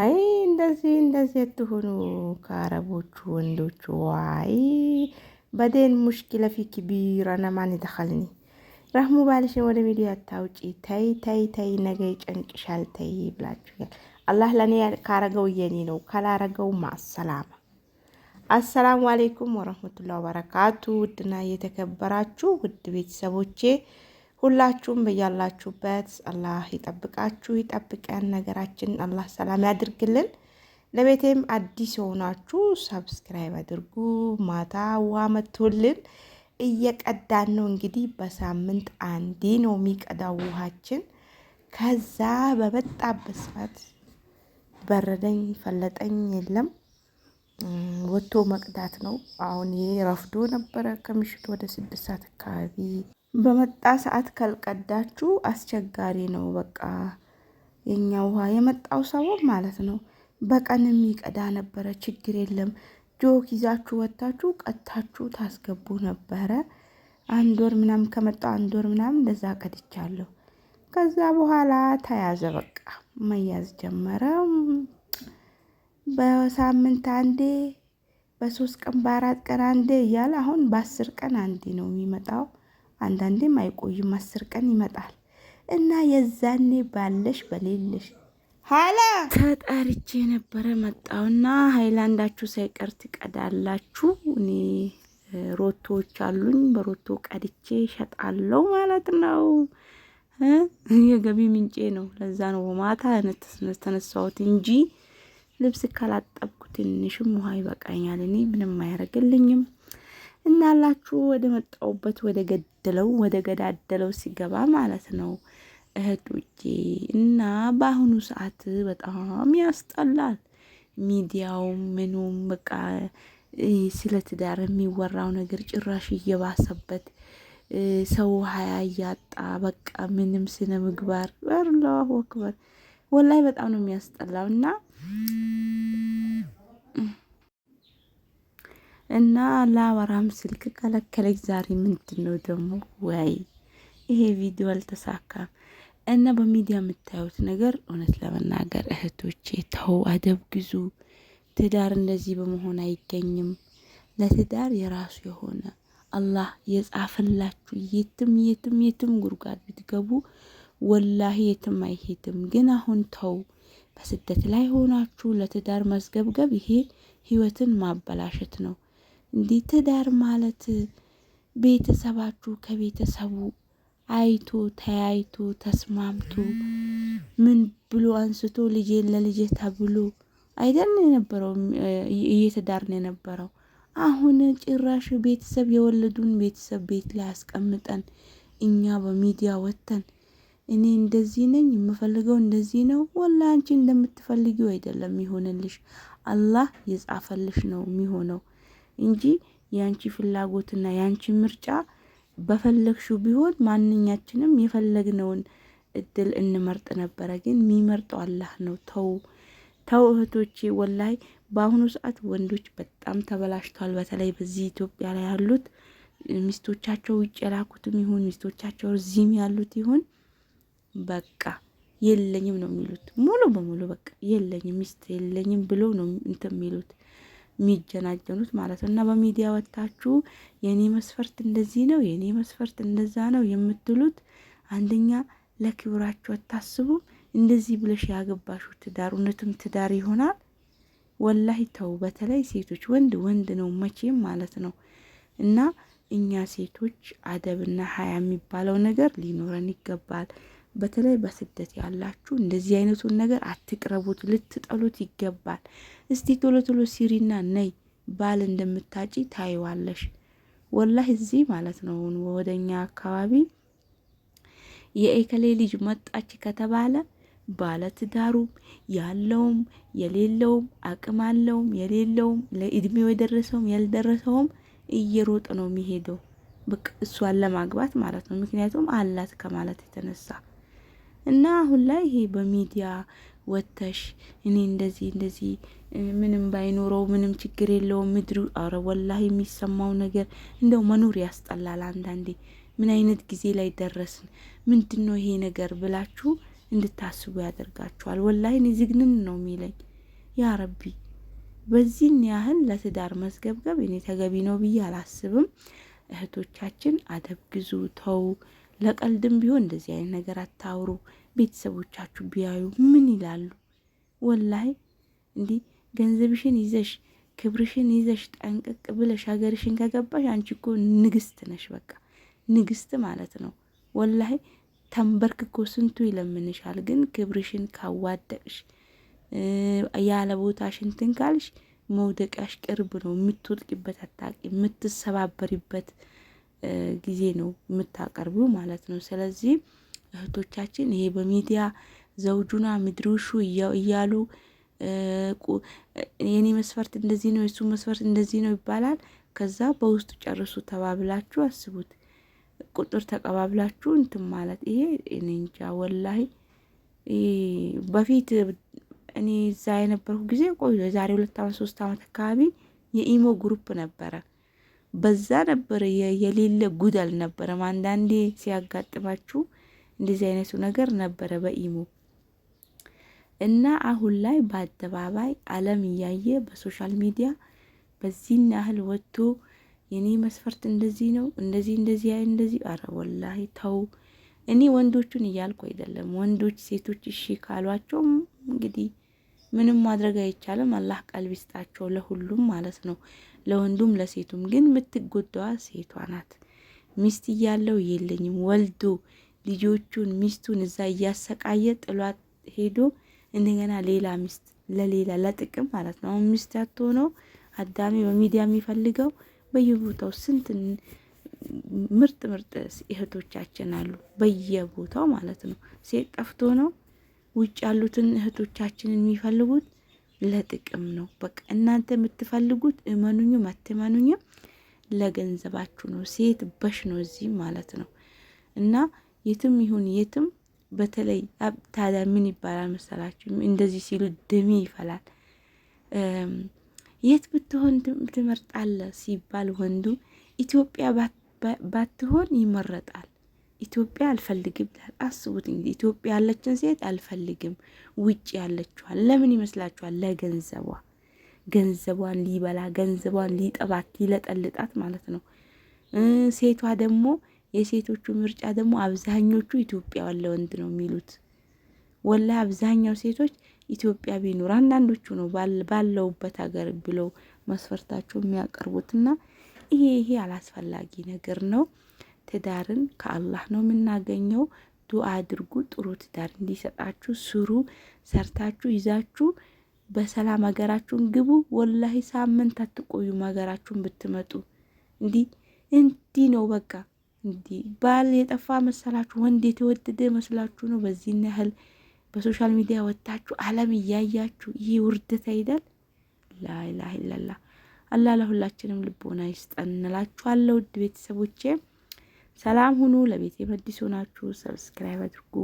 አይ እንደዚህ እንደዚህ አትሆኑ ከአረቦቹ ወንዶቹ ዋይ በደን ሙሽኪለ ፊ ኪቢራ ነማን ይተኸልኒ ረህሙ ባልሽን ወደ ሚዲያ አታውጪ። ተይ ተይ ተይ ነገ ይጨንቅሻል ተይ ብላችሁኛል። አላህ ለእኔ ካረገው የኔ ነው፣ ካላረገው ማሰላማ። አሰላሙ አሌይኩም ወረህመቱላ ወበረካቱ። ውድና የተከበራችሁ ውድ ቤተሰቦቼ ሁላችሁም በያላችሁበት አላህ ይጠብቃችሁ ይጠብቀን። ነገራችን አላህ ሰላም ያድርግልን። ለቤቴም አዲስ የሆናችሁ ሰብስክራይብ አድርጉ። ማታ ውሃ መቶልን እየቀዳን ነው። እንግዲህ በሳምንት አንዴ ነው የሚቀዳው ውሃችን። ከዛ በመጣበት ሰዓት በረደኝ ፈለጠኝ የለም ወጥቶ መቅዳት ነው። አሁን ይሄ ረፍዶ ነበረ ከምሽቱ ወደ ስድስት ሰዓት አካባቢ በመጣ ሰዓት ካልቀዳችሁ አስቸጋሪ ነው። በቃ የኛ ውሃ የመጣው ሰው ማለት ነው። በቀን የሚቀዳ ነበረ። ችግር የለም። ጆክ ይዛችሁ ወታችሁ ቀታችሁ ታስገቡ ነበረ። አንድ ወር ምናምን ከመጣ አንድ ወር ምናምን እንደዛ ቀድቻለሁ። ከዛ በኋላ ተያዘ፣ በቃ መያዝ ጀመረ። በሳምንት አንዴ፣ በሶስት ቀን፣ በአራት ቀን አንዴ እያለ አሁን በአስር ቀን አንዴ ነው የሚመጣው። አንዳንዴም አይቆይም፣ አስር ቀን ይመጣል እና የዛኔ ባለሽ በሌለሽ ኋላ ተጠርቼ የነበረ መጣውና ሀይላንዳችሁ ሳይቀር ትቀዳላችሁ። እኔ ሮቶዎች አሉኝ፣ በሮቶ ቀድቼ ሸጣለው ማለት ነው። የገቢ ምንጬ ነው። ለዛ ነው ማታ ተነሳሁት እንጂ ልብስ ካላጠብኩ ትንሽም ውሃ ይበቃኛል። እኔ ምንም አያደርግልኝም። እናላችሁ ወደ መጣውበት ወደ ገደለው ወደ ገዳደለው ሲገባ ማለት ነው እህቶቼ። እና በአሁኑ ሰዓት በጣም ያስጠላል ሚዲያው ምኑም በቃ ስለ ትዳር የሚወራው ነገር ጭራሽ እየባሰበት ሰው ሀያ እያጣ በቃ ምንም ስነ ምግባር በርላሁ አክበር ወላይ በጣም ነው የሚያስጠላው እና እና ላወራም ስልክ ከለከለች። ዛሬ ምንድን ነው ደግሞ? ወይ ይሄ ቪዲዮ አልተሳካም። እና በሚዲያ የምታዩት ነገር እውነት ለመናገር እህቶቼ ተው፣ አደብ ግዙ። ትዳር እንደዚህ በመሆን አይገኝም። ለትዳር የራሱ የሆነ አላህ የጻፈላችሁ የትም የትም የትም ጉድጓድ ብትገቡ ወላሂ የትም አይሄድም። ግን አሁን ተው፣ በስደት ላይ ሆናችሁ ለትዳር መስገብገብ ይሄ ህይወትን ማበላሸት ነው። እንዲህ ትዳር ማለት ቤተሰባችሁ ከቤተሰቡ አይቶ ተያይቶ ተስማምቶ ምን ብሎ አንስቶ ልጄን ለልጄ ተብሎ አይደል የነበረው እየተዳር ነው የነበረው። አሁን ጭራሽ ቤተሰብ የወለዱን ቤተሰብ ቤት ላይ አስቀምጠን እኛ በሚዲያ ወጥተን እኔ እንደዚህ ነኝ የምፈልገው እንደዚህ ነው። ወላ አንቺ እንደምትፈልጊው አይደለም የሚሆንልሽ፣ አላህ የጻፈልሽ ነው የሚሆነው። እንጂ የአንቺ ፍላጎትና የአንቺ ምርጫ በፈለግሹ ቢሆን ማንኛችንም የፈለግነውን እድል እንመርጥ ነበረ። ግን የሚመርጠው አላህ ነው። ተው ተው እህቶቼ፣ ወላይ በአሁኑ ሰዓት ወንዶች በጣም ተበላሽተዋል። በተለይ በዚህ ኢትዮጵያ ላይ ያሉት ሚስቶቻቸው ውጭ የላኩትም ይሁን ሚስቶቻቸው እዚህም ያሉት ይሁን በቃ የለኝም ነው የሚሉት። ሙሉ በሙሉ በቃ የለኝም ሚስት የለኝም ብሎ ነው እንትን የሚሉት። የሚጀናጀኑት ማለት ነው። እና በሚዲያ ወጥታችሁ የኔ መስፈርት እንደዚህ ነው፣ የኔ መስፈርት እንደዛ ነው የምትሉት አንደኛ ለክብራችሁ አታስቡም። እንደዚህ ብለሽ ያገባሹ ትዳር እውነትም ትዳር ይሆናል? ወላሂ ተው። በተለይ ሴቶች ወንድ ወንድ ነው መቼም ማለት ነው እና እኛ ሴቶች አደብና ሀያ የሚባለው ነገር ሊኖረን ይገባል። በተለይ በስደት ያላችሁ እንደዚህ አይነቱን ነገር አትቅረቡት፣ ልትጠሉት ይገባል። እስቲ ቶሎ ቶሎ ሲሪና ነይ ባል እንደምታጪ ታይዋለሽ። ወላህ እዚህ ማለት ነው ወደኛ አካባቢ የኤከሌ ልጅ መጣች ከተባለ ባለትዳሩም ያለውም የሌለውም አቅም አለውም የሌለውም ለእድሜው የደረሰውም ያልደረሰውም እየሮጠ ነው የሚሄደው በቃ እሷን ለማግባት ማለት ነው። ምክንያቱም አላት ከማለት የተነሳ እና አሁን ላይ ይሄ በሚዲያ ወተሽ እኔ እንደዚህ እንደዚህ ምንም ባይኖረው ምንም ችግር የለውም ምድሩ። አረ ወላህ የሚሰማው ነገር እንደው መኖር ያስጠላል። አንዳንዴ ምን አይነት ጊዜ ላይ ደረስን? ምንድን ነው ይሄ ነገር ብላችሁ እንድታስቡ ያደርጋችኋል። ወላህ እኔ ዝግንን ነው የሚለኝ ያ ረቢ። በዚህን ያህል ለትዳር መስገብገብ እኔ ተገቢ ነው ብዬ አላስብም። እህቶቻችን አደብ ግዙ ተው። ለቀልድም ቢሆን እንደዚህ አይነት ነገር አታውሩ። ቤተሰቦቻችሁ ቢያዩ ምን ይላሉ? ወላይ እንዲህ ገንዘብሽን ይዘሽ ክብርሽን ይዘሽ ጠንቅቅ ብለሽ ሀገርሽን ከገባሽ አንቺ እኮ ንግስት ነሽ። በቃ ንግስት ማለት ነው። ወላይ ተንበርክኮ ስንቱ ይለምንሻል። ግን ክብርሽን ካዋደቅሽ ያለ ቦታሽ እንትን ካልሽ መውደቂያሽ ቅርብ ነው። የምትወድቂበት አታቂ የምትሰባበሪበት ጊዜ ነው የምታቀርቢው ማለት ነው። ስለዚህ እህቶቻችን ይሄ በሚዲያ ዘውጁና ምድርሹ እያሉ የኔ መስፈርት እንደዚህ ነው፣ የሱ መስፈርት እንደዚህ ነው ይባላል። ከዛ በውስጡ ጨርሱ ተባብላችሁ አስቡት፣ ቁጥር ተቀባብላችሁ እንትን ማለት ይሄ እኔ እንጃ ወላሂ። በፊት እኔ እዛ የነበርኩ ጊዜ ቆይ የዛሬ ሁለት ዓመት ሶስት ዓመት አካባቢ የኢሞ ግሩፕ ነበረ። በዛ ነበረ የሌለ ጉድ አልነበረም። አንዳንዴ ሲያጋጥማችሁ እንደዚህ አይነቱ ነገር ነበረ በኢሞ እና አሁን ላይ በአደባባይ ዓለም እያየ በሶሻል ሚዲያ በዚህን ያህል ወጥቶ የኔ መስፈርት እንደዚህ ነው እንደዚህ እንደዚህ አይ እንደዚህ አረ ወላሂ ተው። እኔ ወንዶቹን እያልኩ አይደለም። ወንዶች ሴቶች እሺ ካሏቸው እንግዲህ ምንም ማድረግ አይቻልም። አላህ ቀልብ ይስጣቸው ለሁሉም ማለት ነው። ለወንዱም ለሴቱም ግን የምትጎዳዋ ሴቷ ናት። ሚስት እያለው የለኝም ወልዶ ልጆቹን ሚስቱን እዛ እያሰቃየ ጥሏት ሄዶ እንደገና ሌላ ሚስት ለሌላ ለጥቅም ማለት ነው። አሁን ሚስት ያትሆነው አዳሚ በሚዲያ የሚፈልገው በየቦታው ስንት ምርጥ ምርጥ እህቶቻችን አሉ፣ በየቦታው ማለት ነው። ሴት ጠፍቶ ነው ውጭ ያሉትን እህቶቻችንን የሚፈልጉት ለጥቅም ነው። በቃ እናንተ የምትፈልጉት እመኑኝም አትመኑኝም ለገንዘባችሁ ነው። ሴት በሽ ነው እዚህ ማለት ነው። እና የትም ይሁን የትም በተለይ ታዲያ ምን ይባላል መሰላችሁ? እንደዚህ ሲሉ ደሜ ይፈላል። የት ብትሆን ትመርጣለ ሲባል ወንዱ ኢትዮጵያ ባትሆን ይመረጣል። ኢትዮጵያ አልፈልግም ይላል። አስቡት እንግዲህ ኢትዮጵያ ያለችን ሴት አልፈልግም፣ ውጭ ያለችዋል። ለምን ይመስላችኋል? ለገንዘቧ፣ ገንዘቧን ሊበላ ገንዘቧን ሊጠባት ሊለጠልጣት ማለት ነው። ሴቷ ደግሞ የሴቶቹ ምርጫ ደግሞ አብዛኞቹ ኢትዮጵያ ያለ ወንድ ነው የሚሉት። ወላ አብዛኛው ሴቶች ኢትዮጵያ ቢኖር አንዳንዶቹ ነው ባለውበት ሀገር ብለው መስፈርታቸው የሚያቀርቡትና ይሄ ይሄ አላስፈላጊ ነገር ነው። ትዳርን ከአላህ ነው የምናገኘው። ዱአ አድርጉ። ጥሩ ትዳር እንዲሰጣችሁ ስሩ። ሰርታችሁ ይዛችሁ በሰላም ሀገራችሁን ግቡ። ወላሂ ሳምንት አትቆዩ ሀገራችሁን ብትመጡ። እንዲህ እንዲህ ነው በቃ እንዲህ ባል የጠፋ መሰላችሁ? ወንድ የተወደደ መስላችሁ ነው? በዚህን ያህል በሶሻል ሚዲያ ወጥታችሁ አለም እያያችሁ ይህ ውርደት አይደል? ላኢላሃ ኢለላህ። አላህ ለሁላችንም ልቦና ይስጠን እንላችኋለሁ ውድ ቤተሰቦቼ። ሰላም ሁኑ። ለቤት የመዲስ ሆናችሁ ሰብስክራይብ አድርጉ።